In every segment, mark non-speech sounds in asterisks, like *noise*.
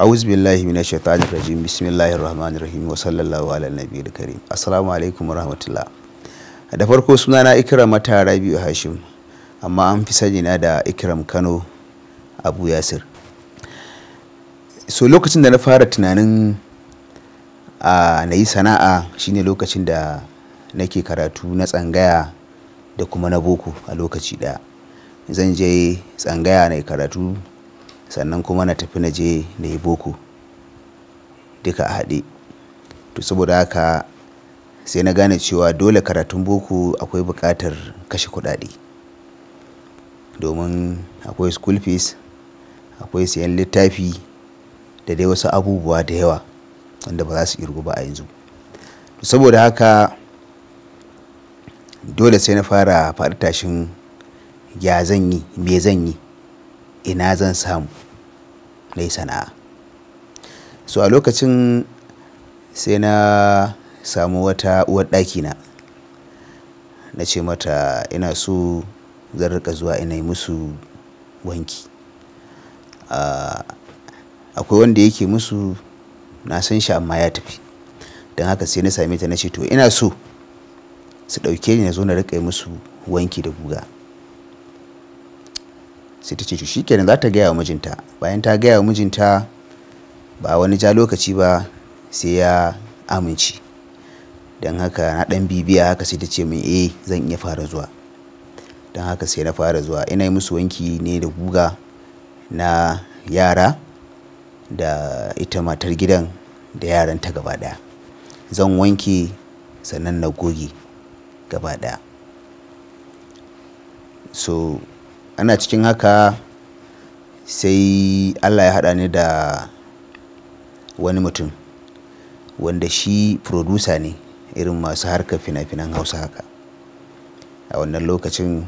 a'udhu billahi minash shaitani rajim bismillahir rahmanir rahim wa sallallahu ala nabiyil karim assalamu alaikum wa rahmatullah da farko sunana ikram mata hashim amma an fi sani na da ikram kano abu yasir so lokacin da na fara tunanin a na yi sana'a shine lokacin da nake karatu na tsangaya da kuma na boko a lokaci daya zan je tsangaya na karatu sannan kuma na tafi na je na yi boko duka a haɗe to saboda haka sai na gane cewa dole karatun boko akwai buƙatar kashe kuɗaɗe domin akwai school fees akwai sayan littafi da dai wasu abubuwa da yawa wanda ba za su irgu ba a yanzu saboda haka dole sai na fara faɗi tashin ya zan yi me zan yi ina zan samu na sana'a so a lokacin sai na samu wata uwar ɗakina na ce mata ina so zan rika zuwa ina yi musu wanki akwai wanda yake musu na san shi amma ya tafi don haka sai na same ta na ce to ina so su ɗauke ni na zo na rika yi musu wanki da guga sai ta ce to shikenan za ta gaya wa mijinta bayan ta gaya wa mijinta ba wani ja lokaci ba sai ya amince don haka na dan bibiya haka sai ta ce min eh zan iya fara zuwa don haka sai na fara zuwa ina yi musu wanki ne da guga na yara da ita matar gidan da yaranta gaba daya zan wanke sannan na goge gaba daya so ana cikin haka sai allah ya haɗa ni da wani mutum wanda shi producer ne irin masu harka fina-finan hausa haka a wannan lokacin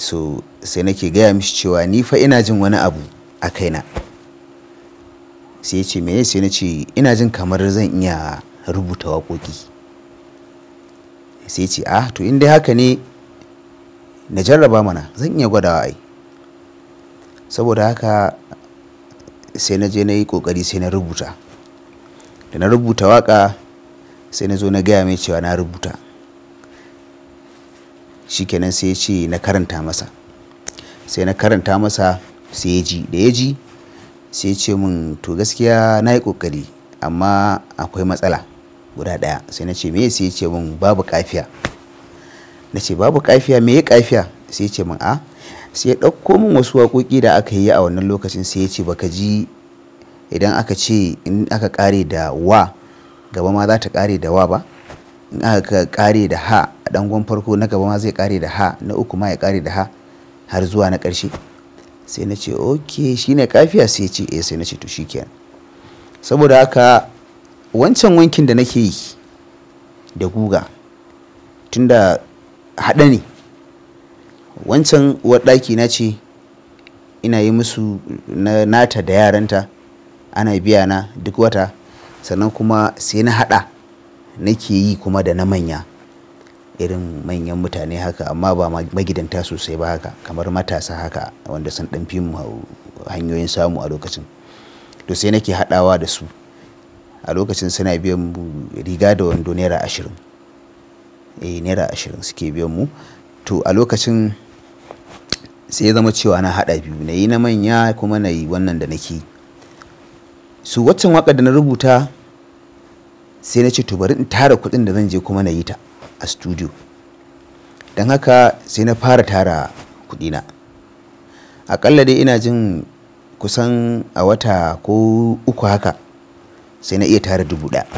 so sai nake gaya mishi cewa ni fa ina jin wani abu a kaina sai ce me sai na ce ina jin kamar zan iya rubuta waƙoƙi sai ce ah to in dai haka ne na jarraba mana zan iya gwadawa ai saboda haka sai na je na yi kokari sai na rubuta da na rubuta waka sai na zo na gaya mai cewa na rubuta shikenan sai ya ce na karanta masa sai na karanta masa sai ya ji da ya ji sai ya ce min to gaskiya na yi kokari amma akwai matsala guda ɗaya sai na ce me sai ya ce min babu kafiya na ce babu kafiya me ya kafiya sai ce min a sai ya ɗauko min wasu waƙoƙi da aka yi a wannan lokacin sai ya ce baka ji idan aka ce in aka ƙare da wa gaba ma za ta ƙare da wa ba in aka ƙare da ha a dangon farko na gaba ma zai ƙare da ha na uku ma ya ƙare da ha har zuwa na ƙarshe sai na ce ok shine kafiya sai ce eh sai na ce to shikenan saboda haka wancan wankin da nake yi da guga tunda haɗa ne wancan uwarɗaki na ce ina yi musu na nata da yaranta ana biya na duk wata sannan kuma sai na haɗa nake yi kuma da na manya irin manyan mutane haka amma ba magidanta sosai ba haka kamar matasa haka wanda sun ɗan fi hanyoyin samu a lokacin to sai nake haɗawa da su a lokacin suna biyan riga da wando naira ashirin eh naira ashirin suke biyan mu to a lokacin sai zama cewa na haɗa biyu na yi na manya kuma na yi wannan da nake su waccan waka da na rubuta sai na ce to bari in tara kuɗin da zan je kuma na yi ta a studio don haka sai na fara tara kuɗina aƙalla dai ina jin kusan a wata ko uku haka sai na iya tara dubu ɗaya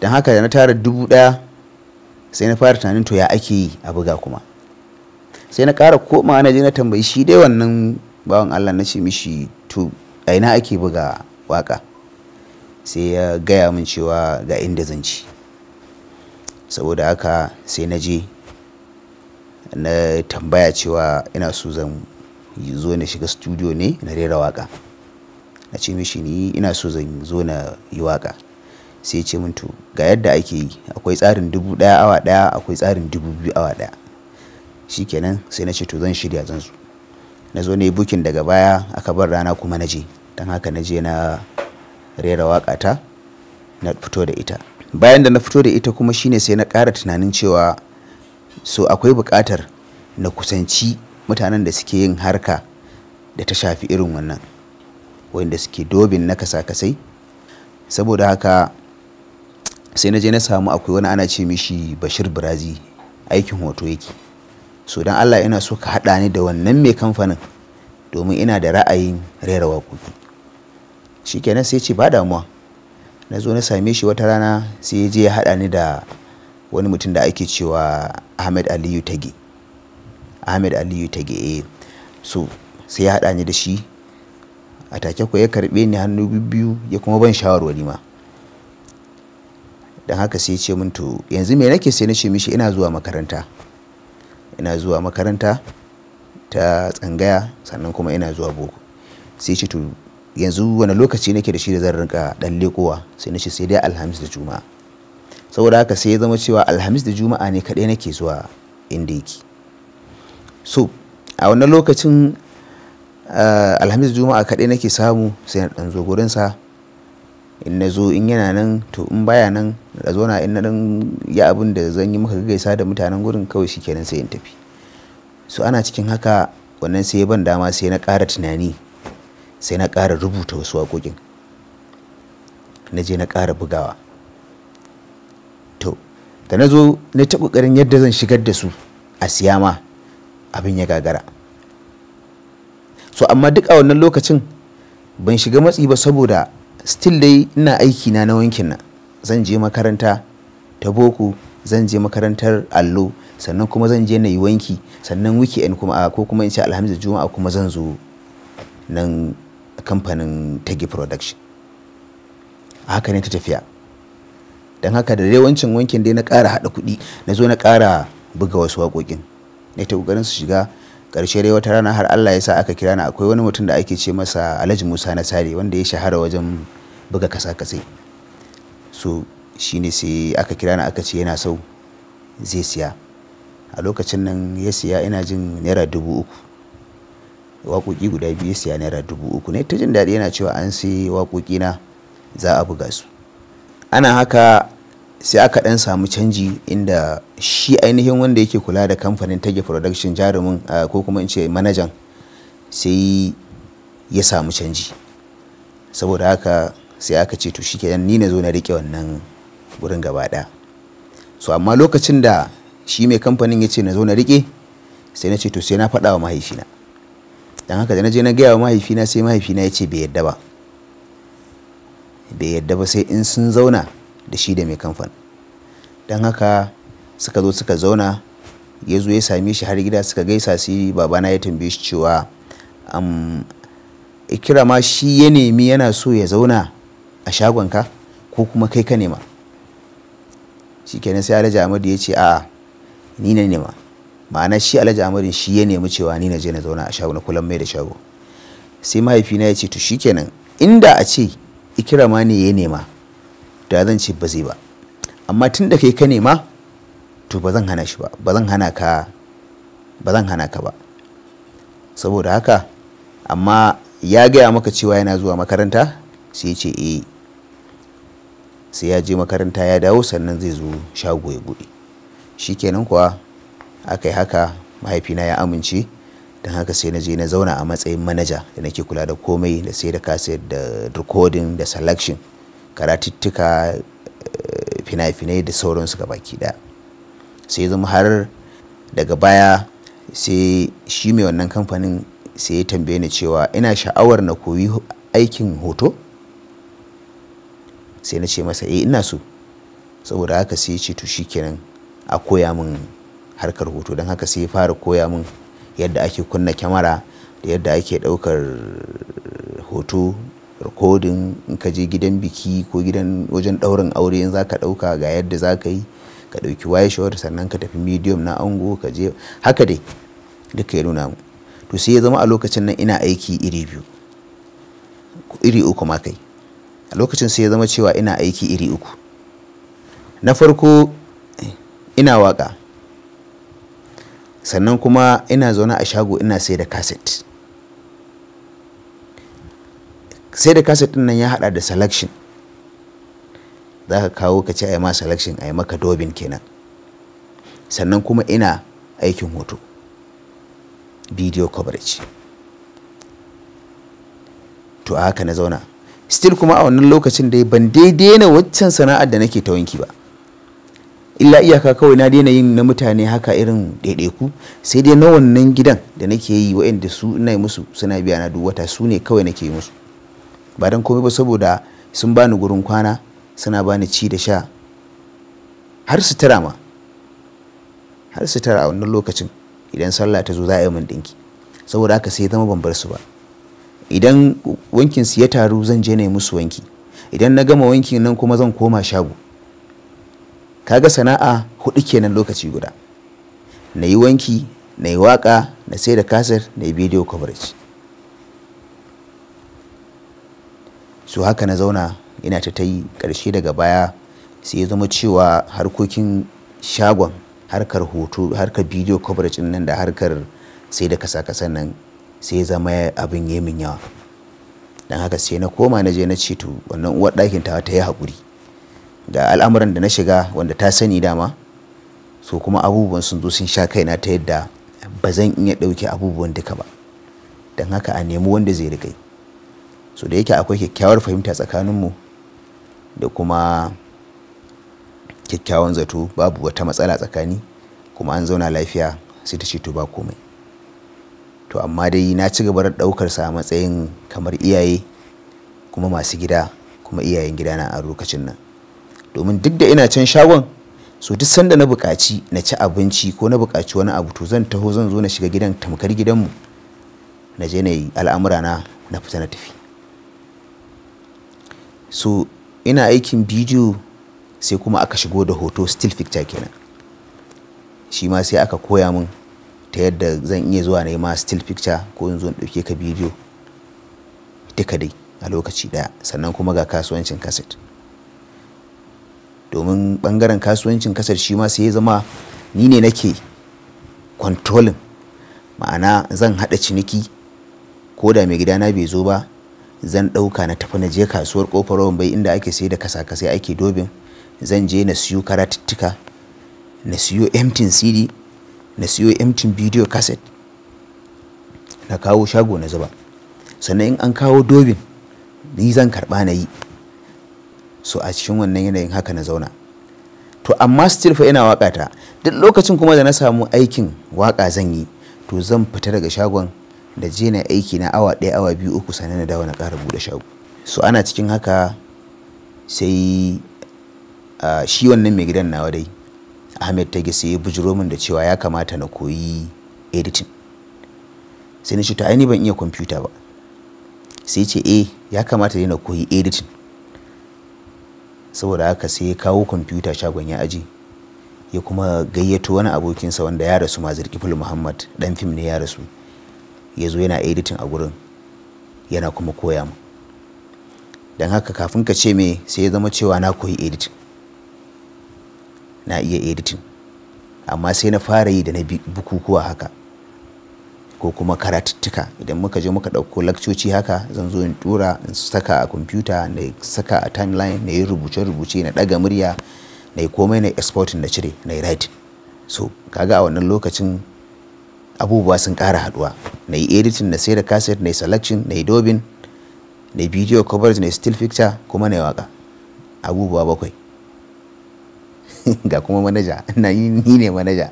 don haka da na tara dubu ɗaya sai na fara tunanin to ya ake yi a buga kuma sai na ƙara koma na je na tambayi shi dai wannan bawan allah na ce mishi to a ina ake buga waka sai ya gaya min cewa ga inda zan ci saboda haka sai na je na tambaya cewa ina so zan zo na shiga studio ne na rera waka na ce mishi ni ina so zan zo na yi waka sai ce min to ga yadda ake yi akwai tsarin dubu ɗaya awa ɗaya akwai tsarin dubu biyu awa shi kenan sai na ce to zan shirya zan zo na zo ne bukin daga baya aka bar rana kuma na je don haka na je na rera waka ta na fito da ita bayan da na fito da ita kuma shine sai na kara tunanin cewa so akwai bukatar na kusanci mutanen da suke yin harka da ta shafi irin wannan wanda suke dobin na kasa-kasai saboda haka sai na je na samu akwai wani ana ce mishi bashir birazi aikin hoto yake so don allah ina so ka haɗa ni da wannan mai kamfanin domin ina da ra'ayin rera waƙoƙi shi kenan sai ce ba damuwa na zo na same shi wata rana sai ya je ya haɗa ni da wani mutum da ake cewa ahmed aliyu tage ahmed aliyu tage eh so sai ya haɗa ni da shi a take ko ya karɓe ni hannu biyu ya kuma ban shawarwari ma don haka sai ce min to yanzu me nake sai na ce mishi ina zuwa makaranta ina zuwa makaranta ta tsangaya sannan kuma ina zuwa boko sai ce to yanzu wani lokaci nake da shi da zan rinka dan lekowa sai na ce sai dai alhamis da juma'a saboda haka sai ya zama cewa alhamis da juma'a ne kaɗai nake zuwa inda yake so a wannan lokacin eh, alhamis da juma'a kaɗai nake samu sai na ɗan zo gurinsa in na zo in yana nan to in baya nan da zo na in nan ya abin da zan yi maka gaisa da mutanen gurin kawai shi nan sai in tafi so ana cikin haka wannan sai ban dama sai na ƙara tunani sai na ƙara rubuta wasu waƙoƙin na je na ƙara bugawa to da na zo na ta ƙoƙarin yadda zan shigar da su a siyama abin ya gagara so amma duk a wannan lokacin ban shiga matsi ba saboda still dai ina aiki na na wankin nan zan je makaranta ta boko zan je makarantar allo sannan kuma zan je na yi wanki sannan weekend kuma a ko kuma in ce alhamis juma'a kuma zan zo nan kamfanin tagi production a haka ne ta tafiya don haka da yawancin wankin dai na ƙara haɗa kuɗi na zo na ƙara buga wasu waƙoƙin na ta ƙoƙarin su shiga karshe dai wata rana har Allah ya sa aka kira ni akwai wani mutum da ake ce masa Alhaji Musa na Sare wanda ya shahara wajen buga kasa kasa so shine sai aka kira ni aka ce yana so zai siya a lokacin nan ya siya ina jin naira dubu uku waƙoƙi guda biyu ya siya naira dubu uku ne ta jin daɗi yana cewa an sai waƙoƙi na za a buga su ana haka sai aka dan samu canji inda shi ainihin wanda yake kula da kamfanin tage production jarumin ko kuma in ce manajan sai ya samu canji saboda haka sai aka ce to shikenan ni na zo na rike wannan gurin gaba ɗaya so amma lokacin da shi mai kamfanin ya ce na zo na rike sai na ce to sai na faɗa wa mahaifina dan haka da na je na gaya wa mahaifina sai mahaifina ya ce bai yadda ba bai yadda ba sai in sun zauna da shi da mai kamfan don haka suka zo suka zauna ya zo ya same shi har gida suka gaisa sai babana ya tambaye shi cewa "Ikira ma shi ya nemi yana so ya zauna a shagonka ko kuma kai ka nema shi kenan sai alhaji ahmadu ya ce a'a ni na nema ma'ana shi alhaji ahmadu shi ya nemi cewa ni na je na zauna a shago na kulan mai da shago sai mahaifina ya ce to shi kenan inda a ce "Ikira ma ne ya nema da zan ce ba zai ba amma tun da kai ka nema to ba zan hana shi ba ba zan hana ka ba zan hana saboda haka amma ya gaya maka cewa yana zuwa makaranta sai ya ce eh sai ya je makaranta ya dawo sannan zai zo shago ya buɗe kenan kuwa aka yi haka mahaifina ya amince don haka sai na je na zauna a matsayin manaja da nake kula da komai da sai da kaset da recording da selection karatuttuka eh, fina-finai da sauransu ga baki ɗaya sai zama har daga baya sai shi mai wannan kamfanin sai ya tambaye ni cewa ina sha'awar na koyi aikin hoto sai na ce masa eh ina so saboda haka sai ce to shikenan a koya min harkar hoto don haka sai ya fara koya min yadda ake kunna kyamara da yadda ake ɗaukar hoto rikodin in ka je gidan biki ko gidan wajen ɗaurin aure in za ka ɗauka ga yadda za ka yi ka ɗauki shawar sannan ka tafi medium na ango ka je haka dai duka ya nuna mu to sai ya zama a lokacin nan ina aiki iri biyu iri uku ma kai a lokacin sai ya zama cewa ina aiki iri uku na farko ina waka sannan kuma ina zaune a shago ina sai da kaset sai da kaset ɗin nan ya haɗa da selection za ka kawo ka ce a ma selection a maka dobin kenan sannan kuma ina aikin hoto video coverage to a haka na zauna still kuma a wannan lokacin dai ban daidai na waccan sana'ar da nake ta wanki ba illa iyaka kawai na daina yin na mutane haka irin ɗaiɗaiku sai dai na wannan gidan da nake yi wa'inda su ina musu suna biya na duk wata su ne kawai nake yi musu ba don komai ba saboda sun bani gurin kwana suna bani ci da sha har su tara ma har su tara a wannan lokacin idan sallah ta zo za a yi min dinki saboda haka sai zama ban bar su ba idan wankin su ya taru zan je na yi musu wanki idan na gama wankin nan kuma zan koma shago Ka ga sana'a hudu kenan lokaci guda na yi wanki na yi waka na sai da kasar na yi bidiyo coverage su haka na zauna ina ta ta yi ƙarshe daga baya sai ya zama cewa harkokin shagon harkar hoto harkar bidiyo coverage nan da harkar sai da kasa-kasan nan sai ya zama abin ya min yawa don haka sai na koma na je na ce to wannan uwar ɗakin ta ta yi haƙuri ga al'amuran da na shiga wanda ta sani dama so kuma abubuwan sun zo sun sha kaina ta yadda ba zan iya ɗauki abubuwan duka ba don haka a nemi wanda zai rikai so da yake akwai kyakkyawar fahimta tsakaninmu da kuma kyakkyawan zato babu wata matsala tsakani kuma an zauna lafiya sai ta ce to ba komai to amma dai na ci gaba da ɗaukar sa a matsayin kamar iyaye kuma masu gida kuma iyayen gidana a lokacin nan domin duk da ina can shagon so duk sanda na buƙaci na ci abinci ko na buƙaci wani abu to zan taho zan zo na shiga gidan tamkar gidanmu na je na yi al'amurana na fita na tafi so ina aikin bidiyo sai kuma aka shigo da hoto still picture kenan shi ma sai aka koya min ta yadda zan iya zuwa na yi ma still picture ko in zo in ɗauke ka bidiyo duka dai a lokaci ɗaya sannan kuma ga kasuwancin kaset domin ɓangaren kasuwancin kaset shi ma sai ya zama ni ne nake controlling ma'ana zan haɗa ciniki ko da mai gidana bai zo ba zan ɗauka na tafi na je kasuwar ƙofar rawan bai inda ake sai da kasa ake dobin zan je na siyo karatuttuka na siyo emtin cd na siyo emtin bidiyo kaset, na kawo shago na zuba sannan in an kawo dobin ni zan karɓa na yi so a cikin wannan yanayin haka na zauna to amma still fa ina waka ta duk lokacin kuma da na samu aikin waka zan yi to zan fita daga shagon da je na aiki na awa ɗaya awa biyu uku sannan na dawo na ƙara buɗe shago so ana cikin haka sai uh, shi wannan mai gidan nawa dai ahmed ta sai ya bujuro min da cewa ya kamata na koyi editing sai na ce to ban iya kwamfuta ba sai ce eh ya kamata ne na koyi editin. saboda haka sai ya kawo kwamfuta shagon ya aji ya kuma gayyato wani abokinsa wanda ya rasu ma zirki muhammad ɗan fim ne ya rasu ya zo yana editing a gurin yana kuma koya mu don haka kafin ka ce me sai ya zama cewa na koyi editing na iya editing amma sai na fara yi da na bukukuwa haka ko kuma karatuttuka idan muka je muka ɗauko lakcoci haka zan zo in tura in saka a kwamfuta na saka a timeline na yi rubuce-rubuce na ɗaga murya na yi komai na exporting na cire na yi writing so kaga a wannan lokacin abubuwa sun kara haɗuwa na yi editing na sai da cassette na yi selection na yi dobin na yi video coverage na yi still picture kuma na yi waka abubuwa bakwai *laughs* ga kuma manaja na yi ni ne manaja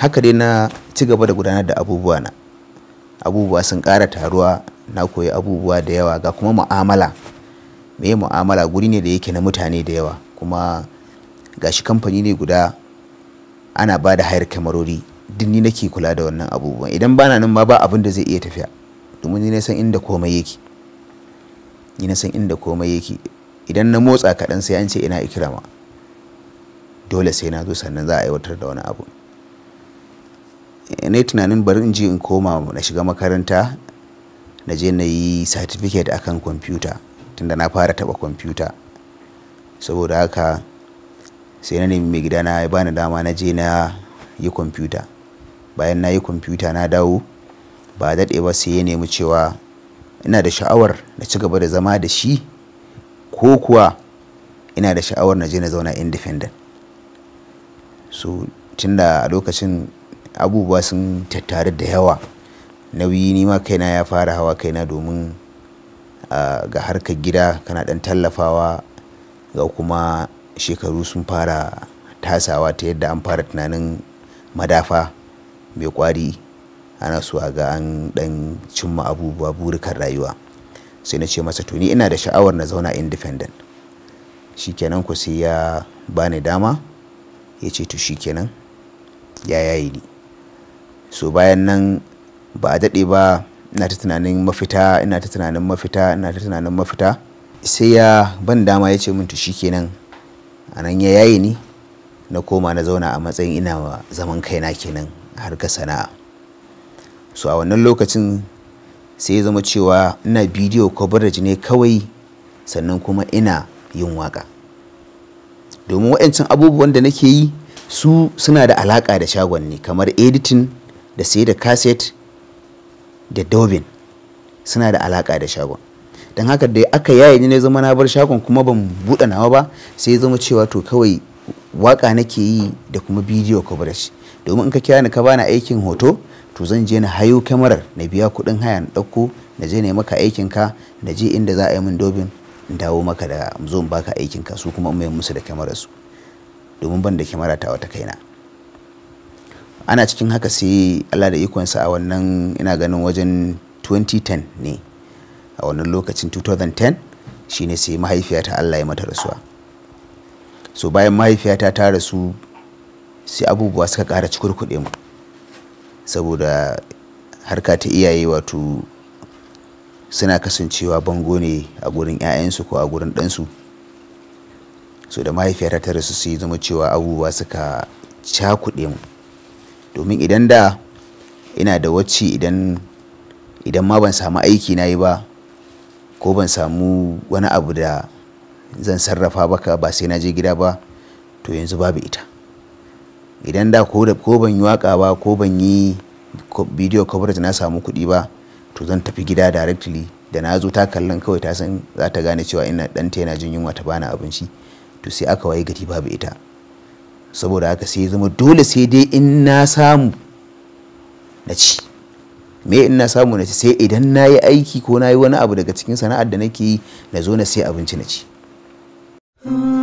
haka dai na ci gaba da gudanar da abubuwa na abubuwa sun kara taruwa na koyi abubuwa da yawa ga kuma mu'amala me mu'amala guri ne da yake na mutane da yawa kuma gashi kamfani ne guda ana ba da hayar kamarori. duk nake kula da wannan abubuwan idan bana nan ma ba abin da zai iya tafiya domin ni na san inda komai yake ni na san inda komai yake idan na motsa kaɗan sai an ce ina ikirama dole sai na zo sannan za a aiwatar da wani abu na yi tunanin bari in je in koma na shiga makaranta na je na yi certificate akan kwamfuta tunda na fara taba kwamfuta saboda haka sai na nemi mai na ya bani dama na je na yi kwamfuta bayan na yi kwamfuta na dawo ba daɗe ba sai ya nemi cewa ina da sha'awar na ci gaba da zama da shi ko kuwa ina da sha'awar na je na zauna independent so tunda a lokacin abubuwa sun tattare da yawa nauyi ni ma kaina ya fara hawa kaina domin ga harkar gida kana ɗan tallafawa ga kuma shekaru sun fara tasawa ta yadda an fara tunanin madafa mai kwari ana so a ga an dan cimma abubuwa burikan rayuwa sai na ce masa to ni ina da sha'awar na zauna independent shikenan ku sai ya bani dama ya ce to shikenan ya yayi ni so bayan nan ba a daɗe ba ina ta tunanin mafita ina ta tunanin mafita ina ta tunanin mafita sai ya ban dama ya ce min to shikenan a nan ya yayi ni na koma na zauna a matsayin ina zaman kaina kenan harkar sana'a so a wannan lokacin sai zama cewa ina bidiyo coverage ne kawai sannan kuma ina yin waka domin waɗancan abubuwan da nake yi su suna da alaƙa da shagon ne kamar editin da sai da cassette da dobin suna da alaƙa da shagon don haka da aka yaye ne zama na bar shagon kuma ban buɗe nawa ba sai zama cewa to kawai waka nake yi da kuma bidiyo coverage domin in ka kira ni ka bani aikin hoto to zan je na hayo kyamarar na biya kuɗin haya na ɗauko na je na maka aikin ka na je inda za a yi min dobin in dawo maka da zo in baka aikin ka su kuma mai musu da kyamarar su domin ban da kyamara ta wata kaina ana cikin haka sai Allah da ikon sa a wannan ina ganin wajen 2010 ne a wannan lokacin 2010 shine sai mahaifiyata Allah ya mata rasuwa so bayan mahaifiyata ta rasu sai abubuwa suka kara cikurkuɗe mu saboda harka ta iyaye wato suna kasancewa bango ne a gurin 'ya'yansu ko a gurin ɗansu so da mahaifiyata ta rasu sai zama cewa abubuwa suka cakuɗe mu domin idan da ina da wacce idan idan ma ban samu aiki na yi ba ko ban samu wani abu da zan sarrafa baka ba sai na je gida ba to yanzu babu ita idan da ko ban yi waka ba ko ban yi bidiyo coverage na samu kuɗi ba to zan tafi gida directly da na zo ta kallon kawai ta san za ta gane cewa ina ɗanta yana jin yunwa ta bana abinci to sai aka waye gari babu ita saboda haka sai zama dole sai dai in na samu na ci me in na samu na ci sai idan na yi aiki ko na yi wani abu daga cikin sana'ar da nake yi na zo na sai abinci na ci Mm.